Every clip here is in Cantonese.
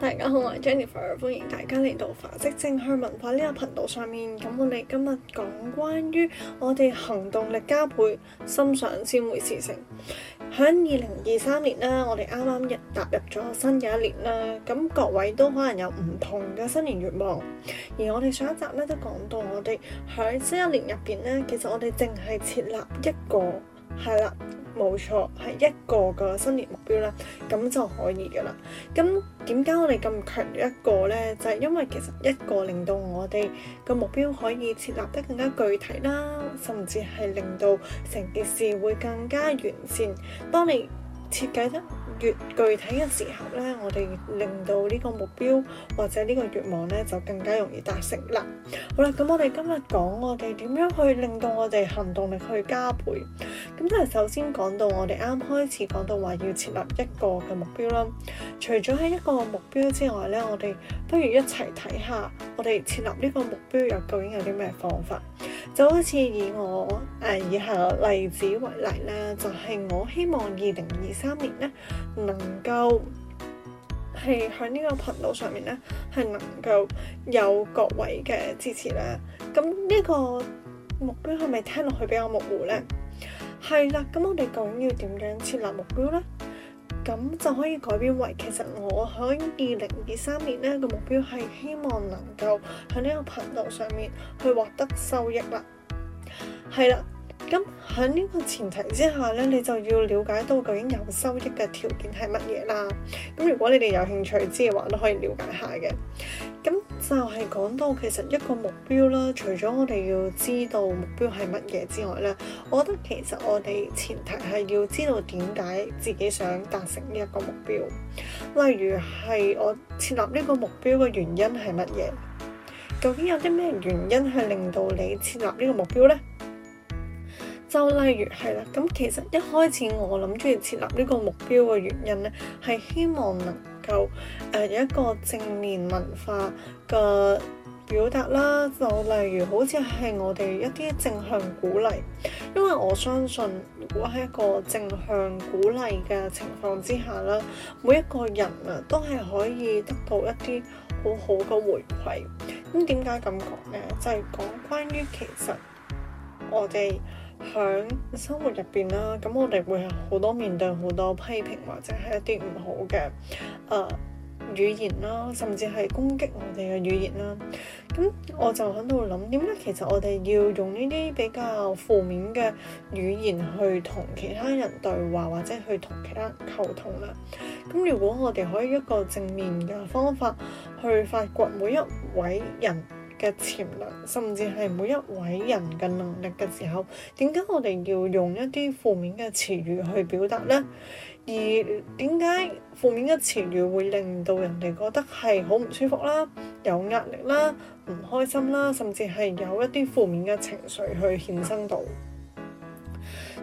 大家好，我係 Jennifer，歡迎大家嚟到法積正向文化呢個頻道上面。咁我哋今日講關於我哋行動力加倍、心想先會事成。響二零二三年啦，我哋啱啱入踏入咗新嘅一年啦。咁各位都可能有唔同嘅新年願望。而我哋上一集咧都講到，我哋喺新一年入邊咧，其實我哋淨係設立一個，係啦。冇錯，係一個嘅新年目標啦，咁就可以噶啦。咁點解我哋咁強一個呢？就係、是、因為其實一個令到我哋個目標可以設立得更加具體啦，甚至係令到成件事會更加完善。當你設計得越具體嘅時候咧，我哋令到呢個目標或者呢個願望咧，就更加容易達成啦。好啦，咁我哋今日講我哋點樣去令到我哋行動力去加倍。咁即係首先講到我哋啱開始講到話要設立一個嘅目標啦。除咗喺一個目標之外咧，我哋不如一齊睇下我哋設立呢個目標又究竟有啲咩方法。就好似以我誒以下例子為例啦，就係我希望二零二三年咧。能夠係喺呢個頻道上面咧，係能夠有各位嘅支持咧，咁呢個目標係咪聽落去比較模糊咧？係啦，咁我哋究竟要點樣設立目標咧？咁就可以改變為，其實我喺二零二三年咧個目標係希望能夠喺呢個頻道上面去獲得收益啦，係啦。咁喺呢個前提之下咧，你就要了解到究竟有收益嘅條件係乜嘢啦。咁如果你哋有興趣知嘅話，都可以了解下嘅。咁就係講到其實一個目標啦，除咗我哋要知道目標係乜嘢之外咧，我覺得其實我哋前提係要知道點解自己想達成呢一個目標。例如係我設立呢個目標嘅原因係乜嘢？究竟有啲咩原因係令到你設立呢個目標咧？就例如係啦，咁其實一開始我諗住要設立呢個目標嘅原因咧，係希望能夠誒有、呃、一個正面文化嘅表達啦。就例如好似係我哋一啲正向鼓勵，因為我相信如果喺一個正向鼓勵嘅情況之下啦，每一個人啊都係可以得到一啲好好嘅回饋。咁點解咁講咧？就係、是、講關於其實我哋。喺生活入邊啦，咁我哋會好多面對好多批評，或者係一啲唔好嘅誒、呃、語言啦，甚至係攻擊我哋嘅語言啦。咁我就喺度諗，點解其實我哋要用呢啲比較負面嘅語言去同其他人對話，或者去同其他人溝通啦？咁如果我哋可以一個正面嘅方法去發掘每一位人嘅潛能，甚至係每一位人嘅能力嘅時候，點解我哋要用一啲負面嘅詞語去表達呢？而點解負面嘅詞語會令到人哋覺得係好唔舒服啦、有壓力啦、唔開心啦，甚至係有一啲負面嘅情緒去衍生到？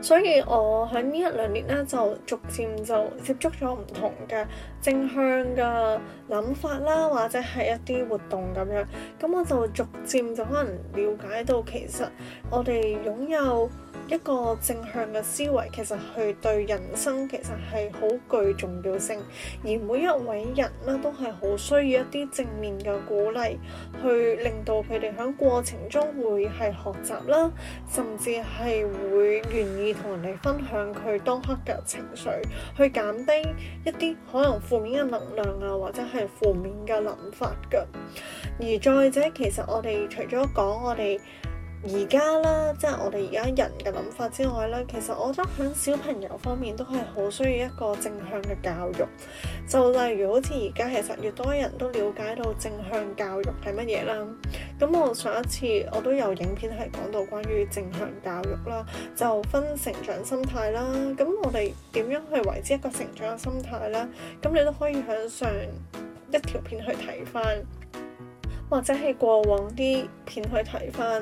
所以我喺呢一兩年咧，就逐漸就接觸咗唔同嘅正向嘅諗法啦，或者係一啲活動咁樣，咁我就逐漸就可能了解到，其實我哋擁有一個正向嘅思維，其實去對人生其實係好具重要性。而每一位人咧，都係好需要一啲正面嘅鼓勵去令到佢哋響過程中會係學習啦，甚至係會願意。同人哋分享佢當刻嘅情緒，去減低一啲可能負面嘅能量啊，或者係負面嘅諗法嘅。而再者，其實我哋除咗講我哋。而家啦，即係我哋而家人嘅諗法之外咧，其實我覺得響小朋友方面都係好需要一個正向嘅教育。就例如好似而家，其實越多人都了解到正向教育係乜嘢啦。咁我上一次我都有影片係講到關於正向教育啦，就分成長心態啦。咁我哋點樣去維持一個成長嘅心態啦，咁你都可以向上一條片去睇翻，或者係過往啲片去睇翻。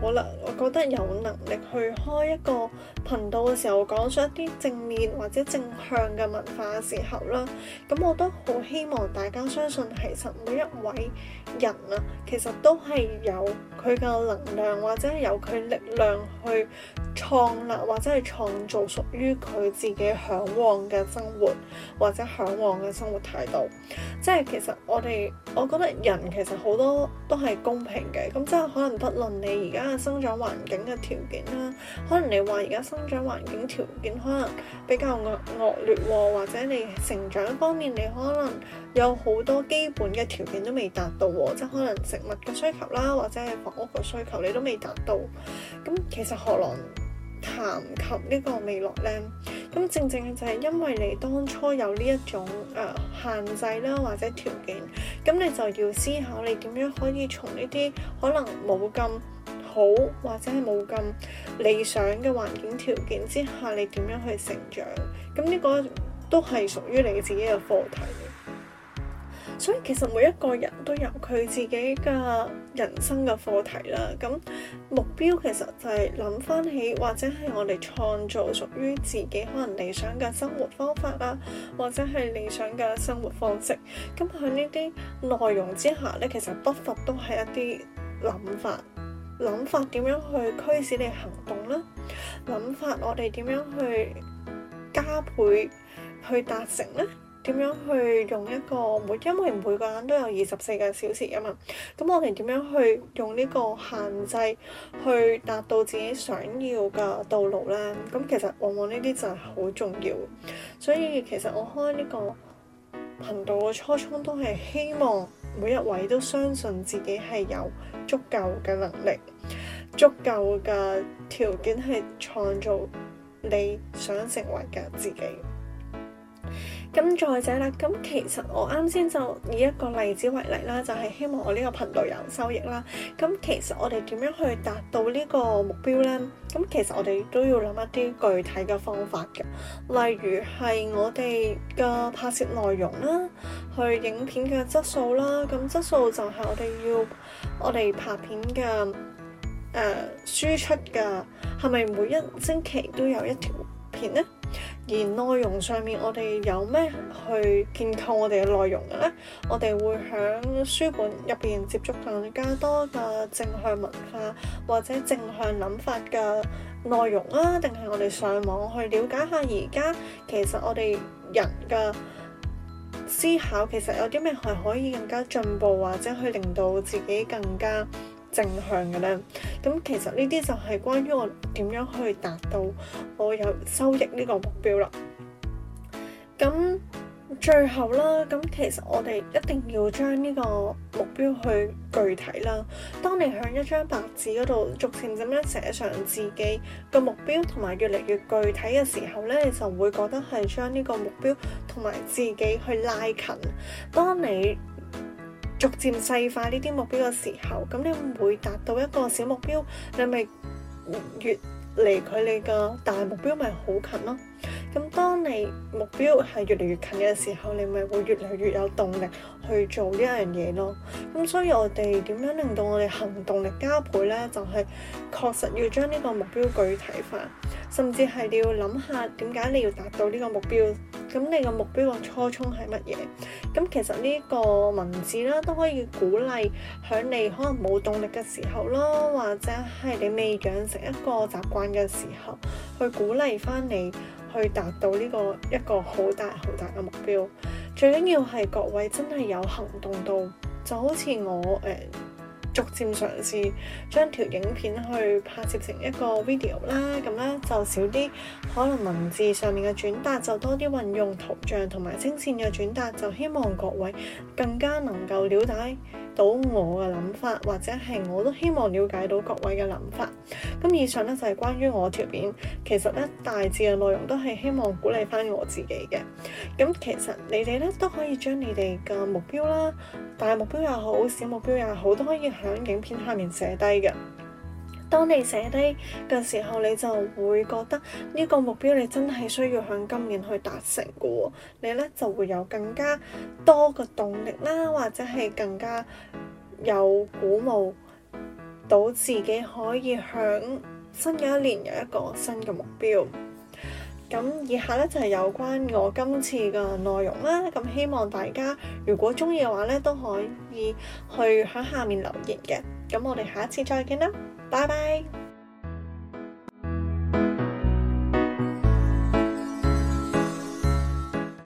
我啦，我覺得有能力去開一個頻道嘅時候，講述一啲正面或者正向嘅文化嘅時候啦，咁我都好希望大家相信，其實每一位人啊，其實都係有佢嘅能量或者有佢力量去創立或者係創造屬於佢自己向往嘅生活或者向往嘅生活態度。即係其實我哋，我覺得人其實好多都係公平嘅，咁即係可能不論你。而家嘅生長環境嘅條件啦，可能你話而家生長環境條件可能比較惡劣喎，或者你成長方面你可能有好多基本嘅條件都未達到喎，即係可能食物嘅需求啦，或者係房屋嘅需求你都未達到。咁其實何龍談及呢個未來咧，咁正正就係因為你當初有呢一種誒、呃、限制啦，或者條件，咁你就要思考你點樣可以從呢啲可能冇咁。好或者係冇咁理想嘅環境條件之下，你點樣去成長？咁呢個都係屬於你自己嘅課題。所以其實每一個人都有佢自己嘅人生嘅課題啦。咁目標其實就係諗返起，或者係我哋創造屬於自己可能理想嘅生活方法啦，或者係理想嘅生活方式。咁喺呢啲內容之下咧，其實不乏都係一啲諗法。諗法點樣去驅使你行動咧？諗法我哋點樣去加倍去達成咧？點樣去用一個每因為每個人都有二十四個小時啊嘛。咁我哋點樣去用呢個限制去達到自己想要嘅道路咧？咁其實往往呢啲就係好重要。所以其實我開呢個頻道嘅初衷都係希望每一位都相信自己係有足夠嘅能力、足夠嘅條件，去創造你想成為嘅自己。咁再者啦，咁其實我啱先就以一個例子為例啦，就係希望我呢個頻道有人收益啦。咁其實我哋點樣去達到呢個目標呢？咁其實我哋都要諗一啲具體嘅方法嘅，例如係我哋嘅拍攝內容啦，去影片嘅質素啦。咁質素就係我哋要我哋拍片嘅誒輸出㗎，係咪每一星期都有一條片呢？而內容上面，我哋有咩去建構我哋嘅內容嘅呢？我哋會喺書本入邊接觸更加多嘅正向文化或者正向諗法嘅內容啊，定係我哋上網去了解下而家其實我哋人嘅思考其實有啲咩係可以更加進步，或者去令到自己更加。正向嘅咧，咁其實呢啲就係關於我點樣去達到我有收益呢個目標啦。咁最後啦，咁其實我哋一定要將呢個目標去具體啦。當你向一張白紙嗰度逐漸咁樣寫上自己嘅目標，同埋越嚟越具體嘅時候咧，你就會覺得係將呢個目標同埋自己去拉近。當你逐漸細化呢啲目標嘅時候，咁你每達到一個小目標，你咪越離佢哋嘅大目標咪好近咯、啊。咁當。當你目標係越嚟越近嘅時候，你咪會越嚟越有動力去做呢樣嘢咯。咁所以，我哋點樣令到我哋行動力加倍呢？就係、是、確實要將呢個目標具體化，甚至係你要諗下點解你要達到呢個目標。咁你個目標嘅初衷係乜嘢？咁其實呢個文字啦，都可以鼓勵喺你可能冇動力嘅時候咯，或者係你未養成一個習慣嘅時候，去鼓勵翻你。去達到呢個一個好大好大嘅目標，最緊要係各位真係有行動到，就好似我誒、呃、逐漸嘗試將條影片去拍攝成一個 video 啦，咁咧就少啲可能文字上面嘅轉達，就多啲運用圖像同埋聲線嘅轉達，就希望各位更加能夠了解到我嘅諗法，或者係我都希望了解到各位嘅諗法。咁以上咧就係、是、關於我條片，其實咧大致嘅內容都係希望鼓勵翻我自己嘅。咁其實你哋咧都可以將你哋嘅目標啦，大目標也好，小目標也好，都可以喺影片下面寫低嘅。當你寫低嘅時候，你就會覺得呢個目標你真係需要向今年去達成噶，你咧就會有更加多嘅動力啦，或者係更加有鼓舞到自己可以向新嘅一年有一個新嘅目標。咁以下咧就係有關我今次嘅內容啦，咁希望大家如果中意嘅話咧都可以去響下面留言嘅，咁我哋下一次再見啦。拜拜。